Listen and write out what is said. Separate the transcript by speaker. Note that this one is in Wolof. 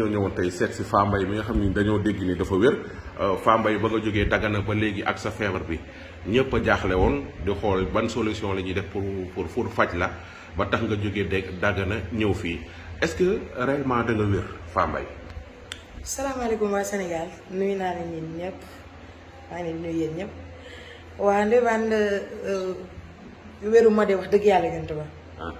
Speaker 1: ñoo ñëwoon tay sét ci fambay mi nga xamni dañoo dégg ni dafa wër euh, Fa Mbaye ba nga joggé Dagana ba légui ak sa fièvre bi ñëpp jaaxlé won di xool ban solution la def pour pour pour fajj la ba tax nga joggé dégg Dagana ñëw fi est-ce que réellement da nga wër fambay
Speaker 2: salam salaamaaleykum wa Sénégal nuy naa leen yéen ñëpp maa nuy yeen nuyu
Speaker 3: yéen ñëpp wa ndé Bane euh, wëru ma dé wax dëgg yalla gën ba.
Speaker 4: Ah.